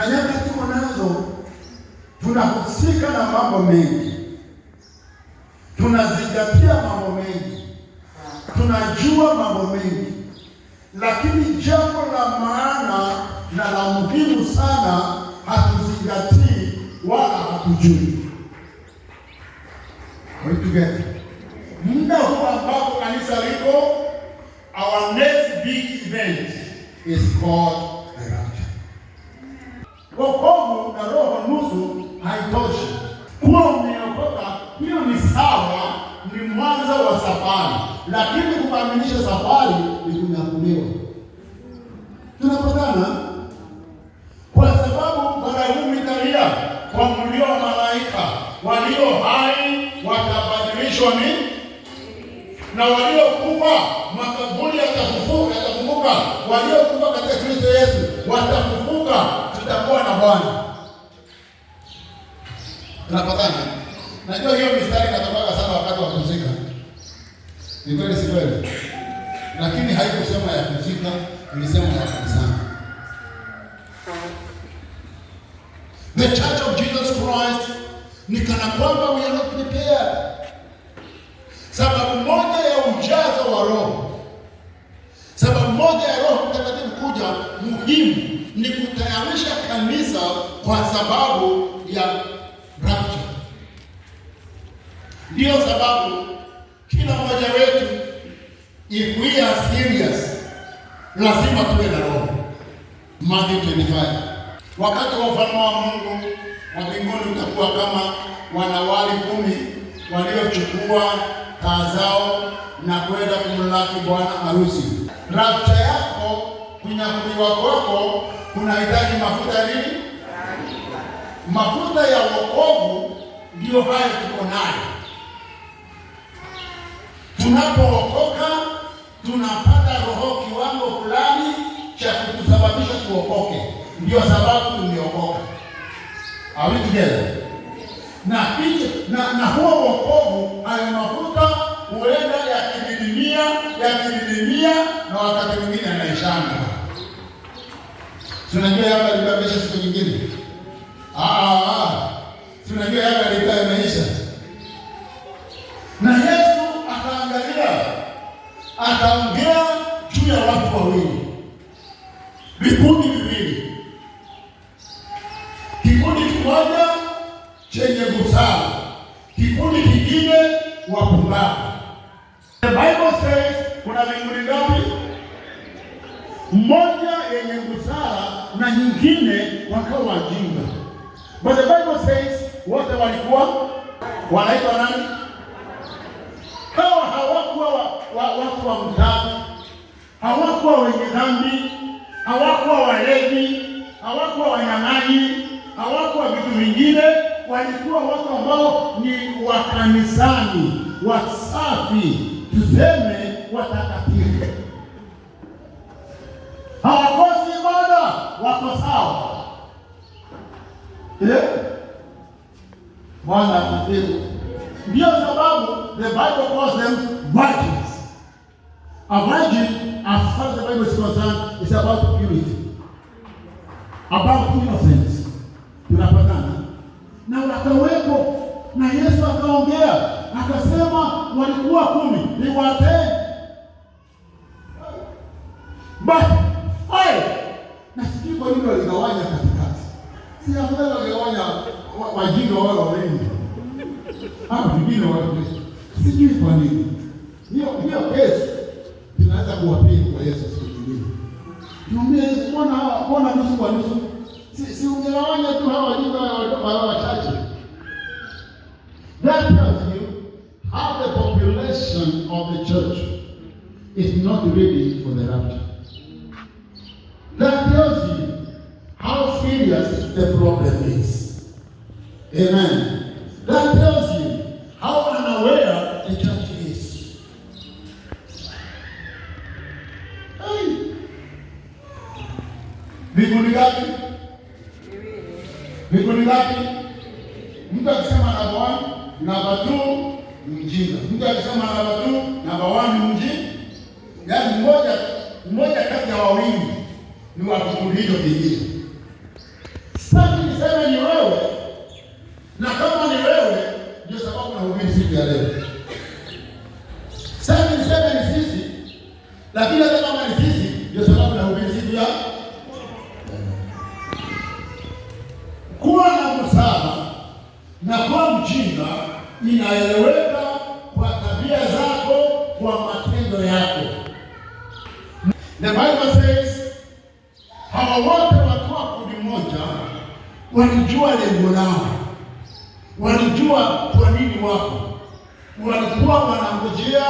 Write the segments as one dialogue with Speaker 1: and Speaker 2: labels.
Speaker 1: na nyakati tuko nazo, tunahusika na mambo mengi, tunazingatia mambo mengi, tunajua mambo mengi, lakini jambo la maana na la muhimu sana hatuzingatii wala hatujui. Together muda huu ambapo kanisa liko, our next big event is called wokovu na roho nusu haitoshi. Kuwa umeokoka hiyo ni sawa, ni mwanzo wa safari, lakini Sababu moja ya ujazo wa Roho, sababu moja ya Roho Mtakatifu kuja muhimu ni kutayarisha kanisa kwa sababu ya rapture. Ndiyo sababu kila mmoja wetu, if we are serious, lazima tuwe na roho. Mathayo 25, wakati wa ufalme wa Mungu wa mbinguni utakuwa kama wanawali kumi waliochukua kazao na kwenda kumlaki bwana harusi. Rapcha yako, kunyakuliwa kwako kunahitaji mafuta nini? Mafuta ya wokovu ndiyo hayo tuko nayo. Tunapookoka tunapata roho kiwango fulani cha kutusababisha tuokoke, ndiyo sababu tumeokoka. Are we together? na hicho na, na huo wokovu hayo mafuta huenda yakididimia yakididimia, na wakati mwingine anaishanga Tunajua hapa alikuwa siku nyingine, ah, ah, ah. tunajua hapa alikuwa ameisha of love. The Bible says kuna minguri ngapi? Mmoja yenye busara na nyingine wakawa wajinga. But the Bible says wote walikuwa wanaitwa nani? Hawa hawakuwa watu wa mtaani, hawakuwa wenye dhambi, hawakuwa walevi, hawakuwa wanyang'anyi, hawakuwa vitu vingine walikuwa watu ambao ni wakanisani, wasafi, tuseme watakatifu, hawakosi ibada, wako sawa. Eh? Bwana asifiwe. Ndio sababu the Bible calls them virgins. A virgin, as far as the Bible is concerned, is about purity, about innocence. Tunapatana na akawepo. Na Yesu akaongea akasema, walikuwa kumi, liwateni but five. Nafikiri kwa nini waligawanya katikati, si afadhali waligawanya wajinga wale wengi ama vingine wale, sijui kwa nini hiyo hiyo kesi tunaweza kuwapinga kwa Yesu siku nyingine. Tumie Yesu, mbona mbona nusu kwa nusu? Si si ungewanya tu hawa wajinga wa wachache of the church is not ready for the rapture. That tells you how serious the problem is. Amen. That tells you how unaware the church is. Hey. Mbinguni ngapi? Mtu akisema namba 1, namba 2, mjinga. mtu akisema namba tu namba wani mji, yaani mmoja mmoja kati ya wawili ni wa kikundi hicho kingine. Sitaki niseme ni wewe, na kama ni wewe, ndio sababu nahubiri siku ya leo. Sitaki niseme ni sisi, lakini walijua lengo lao, walijua kwa nini wako, walikuwa wanangojea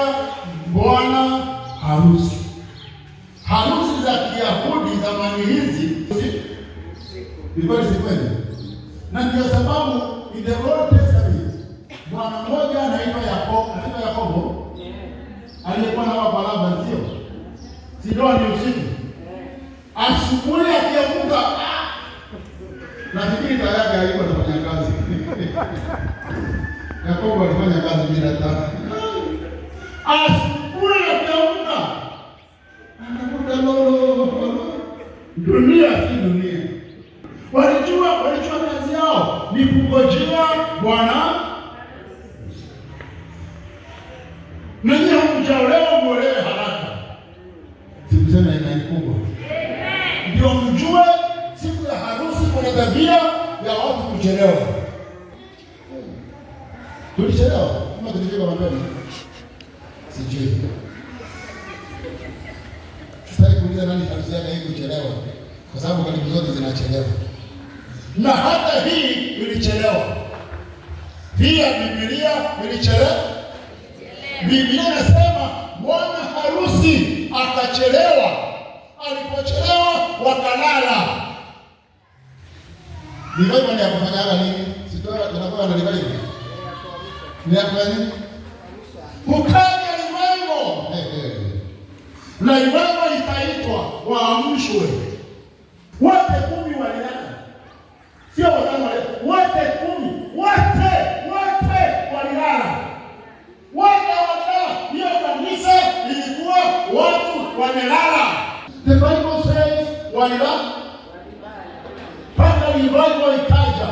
Speaker 1: bwana harusi. Harusi za Kiyahudi zamani hizi ilikuwa sikweli, na ndio sababu in the Old Testament bwana mmoja anaitwa Yakobo, anaitwa Yakobo aliyekuwa na Labani, sio ni usiku, asubuhi akiamka Nafikiri tayari alikuwa anafanya kazi. Yakobo alifanya kazi bila taa. Asubuhi akiamka anakuta lolo. Dunia si dunia. Walijua walijua kazi yao ni kungojea Bwana. Nani Geneva. na iwewe itaitwa waamshwe wote kumi wa sio watano wale, wote kumi, wote wote walilala, wote wote. Hiyo kanisa ilikuwa watu wamelala. The Bible says walilala mpaka revival ikaja,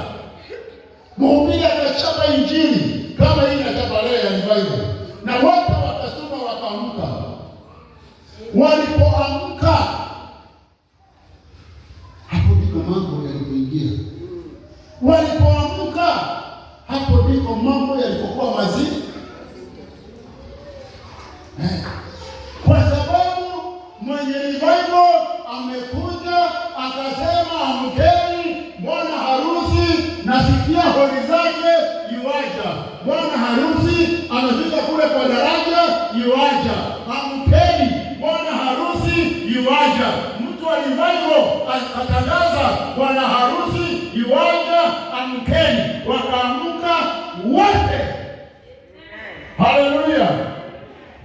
Speaker 1: mhubiri akachapa injili kama anafika kule kwa daraja yuaja, amkeni bwana harusi yuaja. Mtu alimwengo akatangaza bwana harusi yuaja, amkeni, Wakaamuka wote. Haleluya!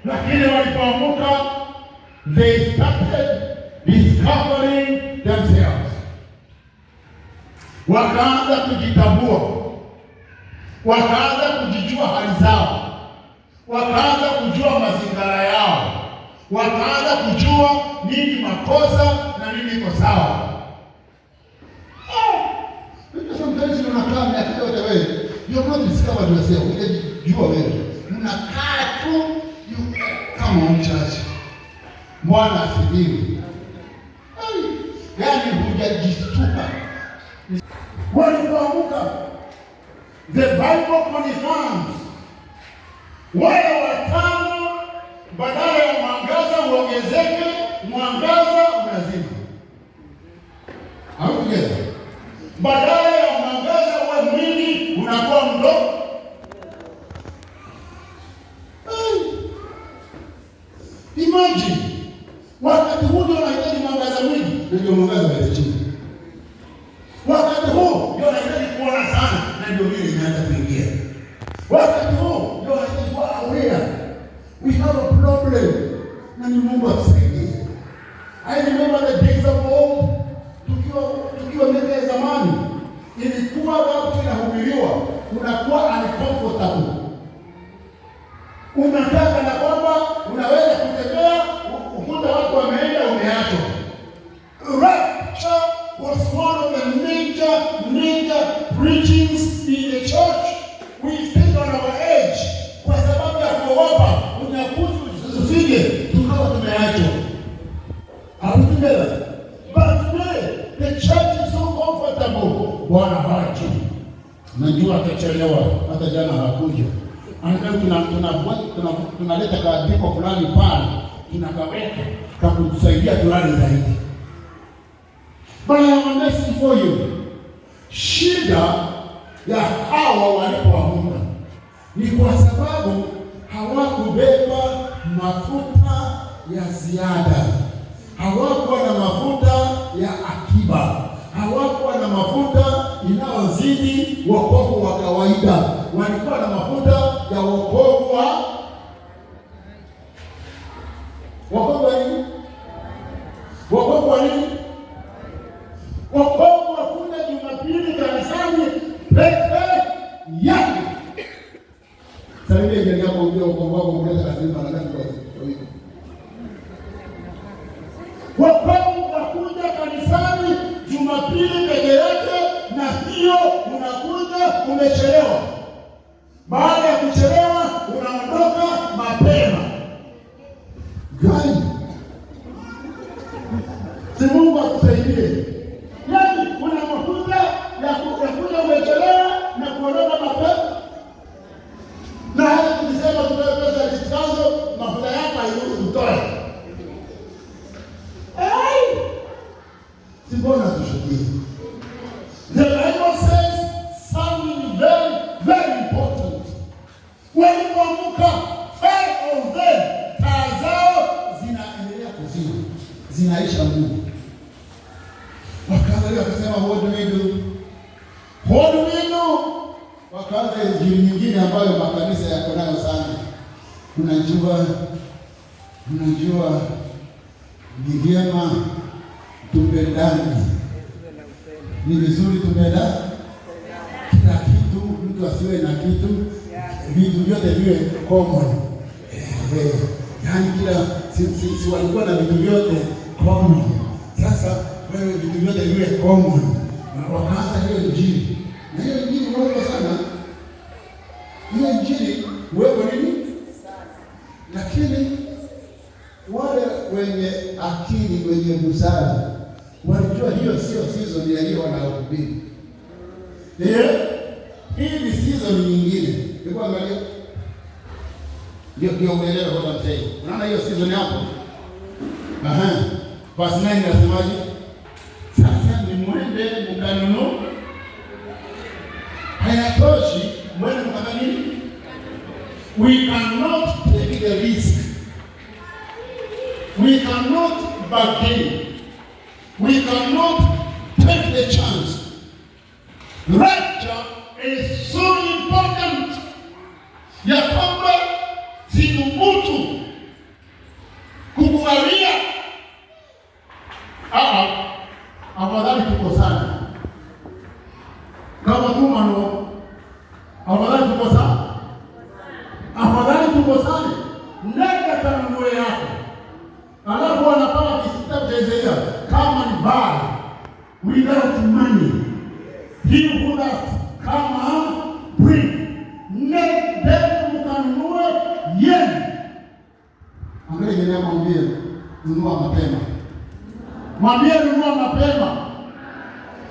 Speaker 1: Lakini walipoamuka they started discovering themselves, wakaanza kujitambua, wakaanza kujijua hali zao wakaanza kujua mazingara yao, wakaanza kujua nini makosa na nini iko sawa. Unakaa oh! wewe, unakaa tu kama mchache. Bwana asifiwe. Yaani hujajistuka walipoanguka, the Bible confirms wale watano, badala ya mwangaza uongezeke, mwangaza unazima. Haukugeza, badala ya mwangaza uwe mwingi, unakuwa mdogo. Imagine wakati huu ndio unahitaji mwangaza mwingi, ndio mwangaza unahitaji wakati huu ndio unahitaji kuona sana, na ndio ile inaanza kuingia wakati huu We have a problem. Na ni Mungu atusaidie. I remember the days of old, tukiwa tukiwa mbele ya zamani, ilikuwa watu inahubiriwa, unakuwa uncomfortable. Unataka na alijua atachelewa, hata jana hakuja. Tunaleta kaandiko fulani pale, tunakaweka kakutusaidia fulani zaidi. But I am asking for you, shida ya hawa walipoamka ni kwa sababu hawakubeba mafuta ya ziada, hawakuwa na mafuta ya akiba, hawakuwa na mafuta inayozidi wokovu wa kawaida. Walikuwa na mafuta ya wokovu wa wokovu wa nini? Wokovu wa nini? Wokovu wa kuja Jumapili kanisani peke yake. Sasa ile ndio jambo wokovu wako unaweza kusema na umechelewa. Baada ya kuchelewa, unaondoka mapema. Mnajua ni vyema tupendane, ni vizuri tupendane. Kila kitu, mtu asiwe na kitu, vitu vyote viwe common. Yaani kila si walikuwa na vitu vyote common, sasa wewe vitu vyote viwe common. Wakaanza hiyo Injili, na hiyo Injili ndogo sana, hiyo Injili wewe nini, lakini wale wenye akili wenye busara walijua hiyo sio season ya hiyo wanaohubiri. Eh, hii ni season nyingine. Niko angalia, ndio ndio umeelewa kwa mtei. Unaona hiyo season hapo, aha, basi nani nasemaje? Sasa ni mwende mkanunue, hayatoshi, mwende mkanunu. We cannot back in. We cannot take the chance. Right Mwambie nunua mapema, mwambie nunua mapema,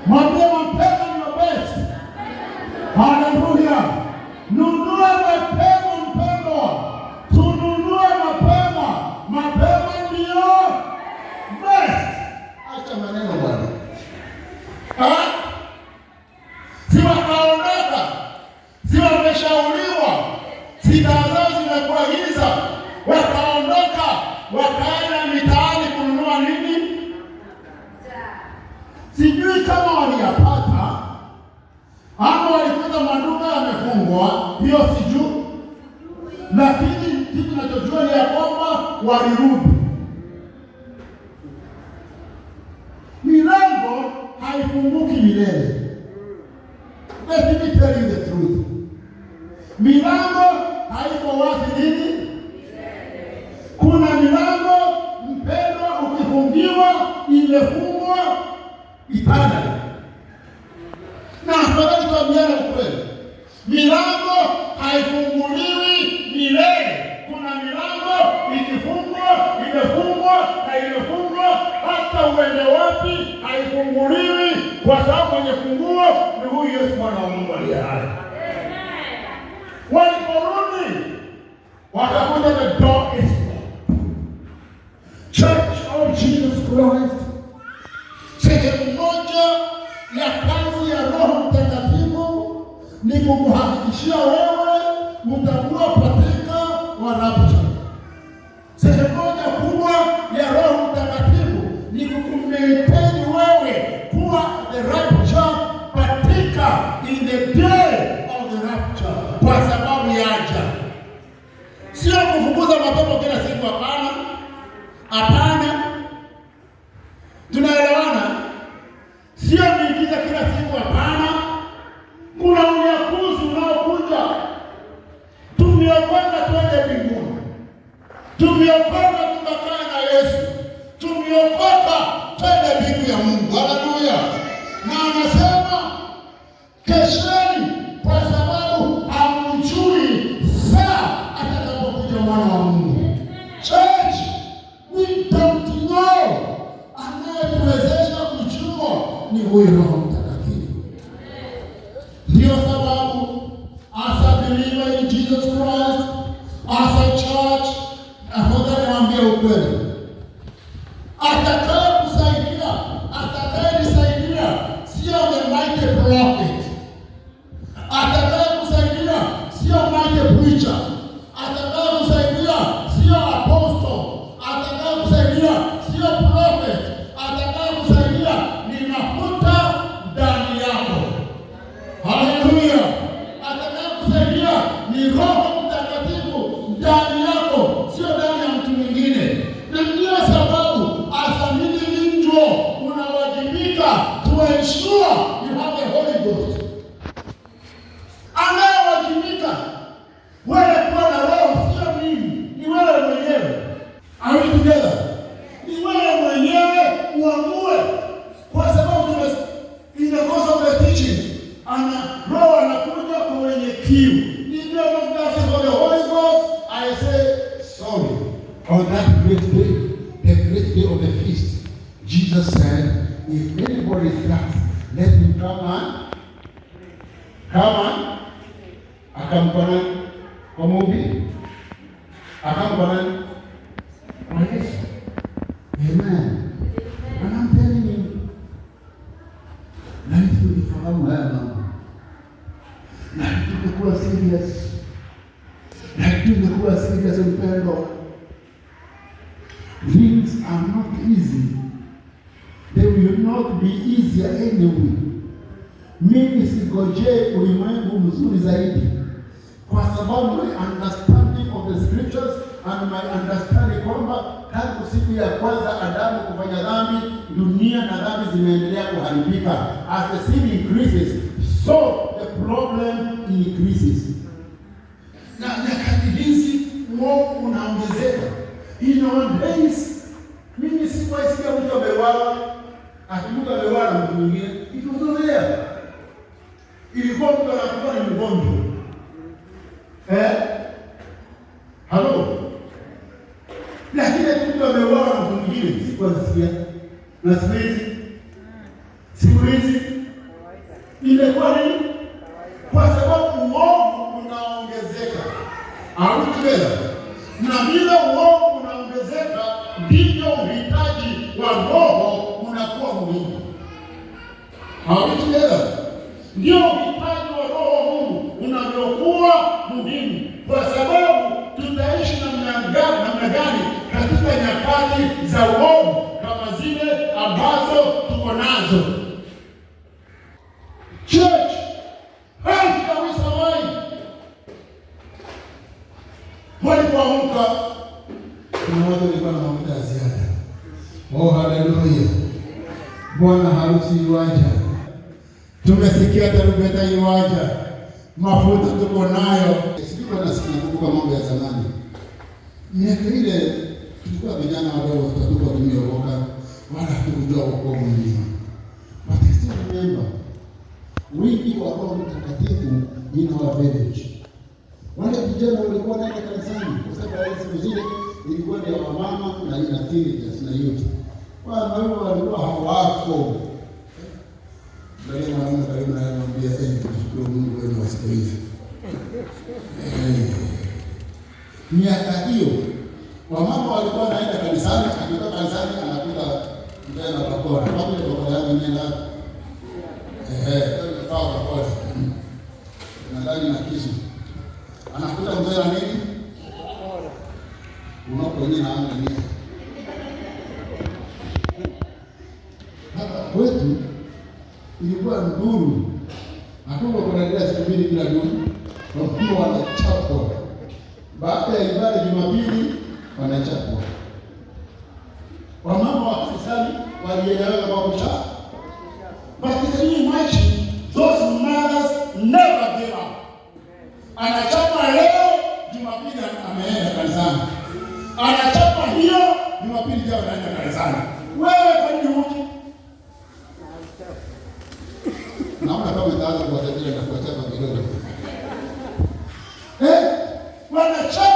Speaker 1: mwambie mapema ndio best. ya kwamba walirudi. Milango haifunguki milele. nikukuhakikishia wewe uta Yesu mpendwa, things are not easy, they will not be easier anyway. Mimi sigojee ulimwengu mzuri zaidi, kwa sababu my understanding of the scriptures and my understanding kwamba tangu siku ya kwanza Adamu kufanya dhambi, dunia na dhambi zimeendelea kuharibika. As the sin increases so the problem increases na nyakati hizi uovu unaongezeka, in our days. Mimi sikuwaisikia mtu ameuawa akivuka ameuawa mtu mwingine, it Ilikuwa mtu anakufa ni mgonjwa eh, halo, lakini mtu ameuawa na mtu mwingine, sikuwasikia na siwezi walipoamka kuna watu walikuwa na mafuta ya ziada. Oh, haleluya! Bwana harusi iwaja, tumesikia tarumbeta iwaja, mafuta tuko nayo. Nakumbuka mambo ya zamani, miaka ile tulikuwa vijana wadogo, tutakuwa tumeokoka, wala hatukujua wokovu mwenyewe, but still remember wingi wa Roho Mtakatifu in our village wale vijana walikuwa naenda kanisani, kwa sababu siku zile ilikuwa ni mama na ina inatiri na sina yote, wanaume walikuwa hawako Bali Mwanaume karibu naye anamwambia eh, shukuru Mungu wewe wa siku hizi. Eh. Miaka hiyo wamama walikuwa naenda kanisani, akitoka kanisani anakuta mjana bakora, pamoja na bakora yake nenda eh kama dhahabu watajiri na kuachana milele eh wanachana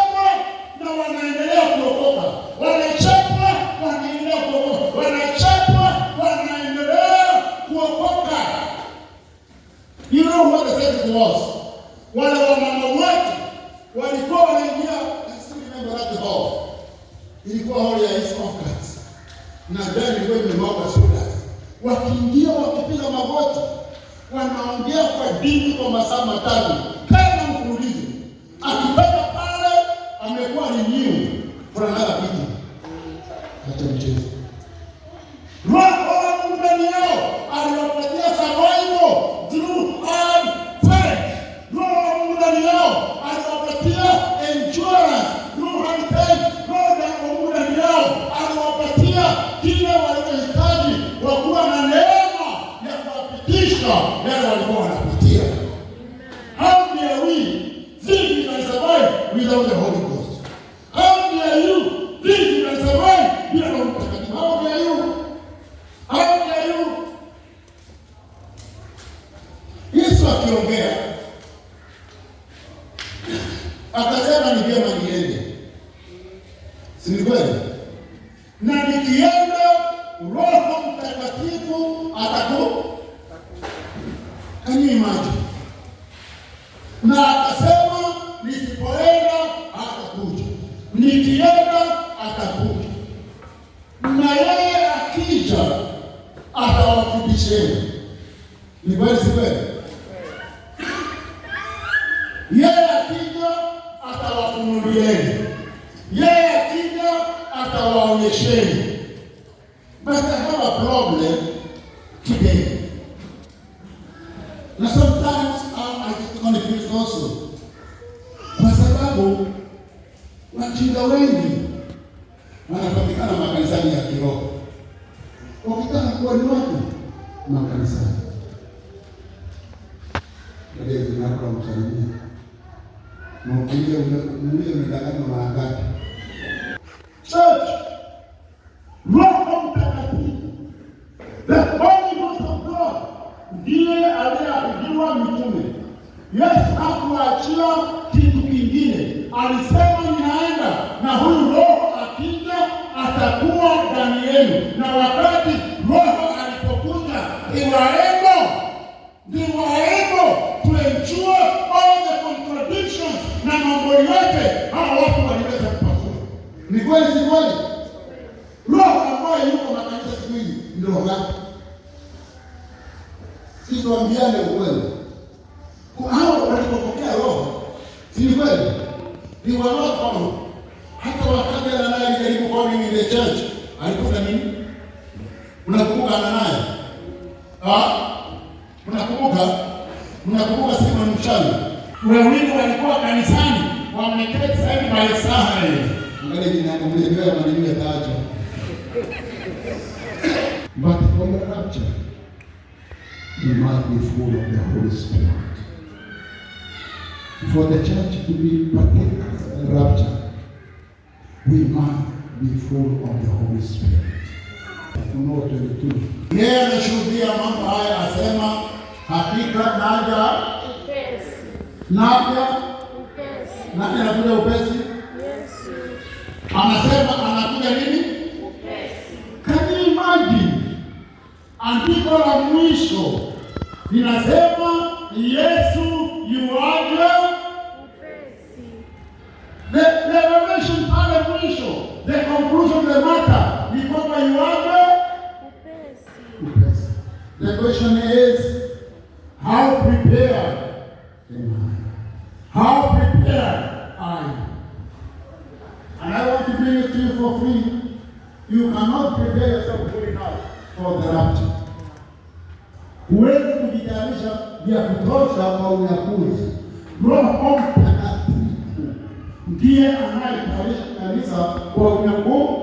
Speaker 1: atawafundisheni. Ni kweli si kweli? ndiye aliyeahidiwa mitume. Yesu hakuachia kitu kingine, alisema ninaenda na huyu Roho akija atakuwa ndani yenu, na wakati Roho alipokuja iwaemo ndiwaemo tuenjue all the contradictions na mambo yote hawa watu waliweza kupasua. Ni kweli, si kweli? Roho ambaye yuko kanisa siku hizi ndio tuambiane ukweli. Hao walipopokea roho, si kweli? Ni waroho. roho Hata wakati Anania alijaribu kwa mimi ile church, alikuta nini? Unakumbuka Anania? Ah? Unakumbuka? Unakumbuka Simon Mchawi? Wawili walikuwa kanisani, wameketi sahivi mbaya saha ile. Angalia jina ya Mungu, ya taacho. But from the rapture you must be full of the Holy Spirit. For the church to be partakers of the rapture, we must be full of the Holy Spirit. Ufunuo 22. Yeye anashuhudia mambo haya, asema hakika naja
Speaker 2: upesi, naja upesi,
Speaker 1: naja anakuja upesi.
Speaker 2: Yesu
Speaker 1: anasema anakuja nini? Kani Can you andiko la mwisho Ninasema Yesu yuaje
Speaker 2: upesi.
Speaker 1: The, the revelation pale mwisho, the conclusion of the matter ni kwamba yuaje upesi. Upesi. The question is how prepared am I? How prepared I? And I want to bring it to you for free. You cannot prepare yourself fully enough for the rapture. kwamba unakuja. Roho Mtakatifu ndiye anayebariki kanisa kwa unyakuo